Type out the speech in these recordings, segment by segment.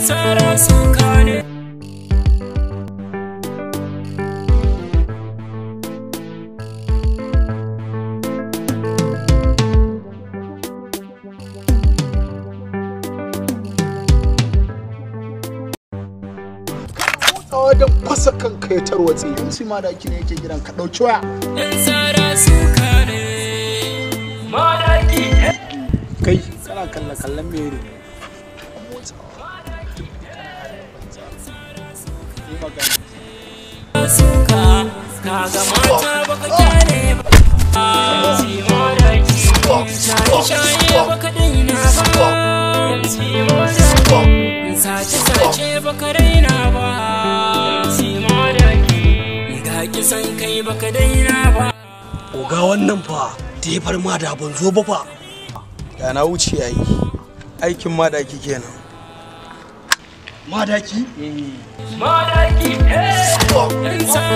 tsara sun kane wajen fasa kan ya tarwatse in si ma da ne yake gidan ka ɗauki waya. In tsara su kare ma da Kai kana kalla kallan mere. Sace-sace baka daina kai Oga wannan fa, tefar ma da ban zo ba fa. Da na wuce yayi, aikin madaki kenan. Madaki? Eh. Madaki!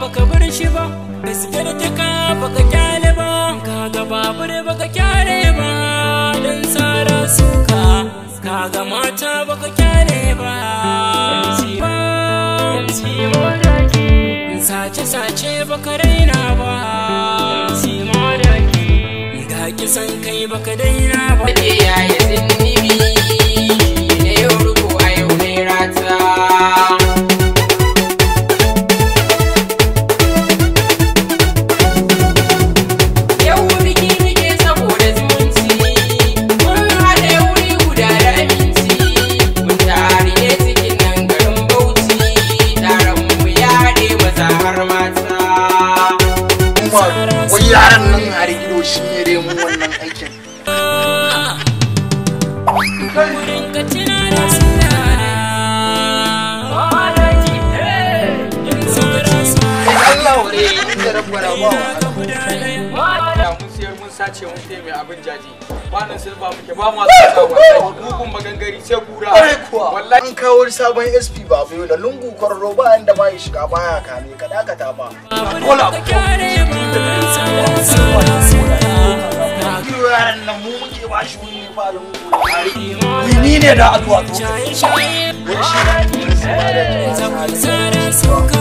baka bar shi ba gaskiyar tuka baka kyale ba kaga babur baka kyale ba dan tsara suka kaga mata baka kyale ba sace sace baka raina ba ga kisan kai baka daina ba yaran nan har ido shi ne dai mu wannan aikin Allah ne da rabuwa rabuwa sace mun kai mai abin jaji kwanan silba muke ba ma magangari wallahi an kawo sabon SP ba da lungu kwarro ba inda ba ya shiga baya kame ka dakata ba kola yaran nan mu muke ba shi wani lungu ni ne da azuwa to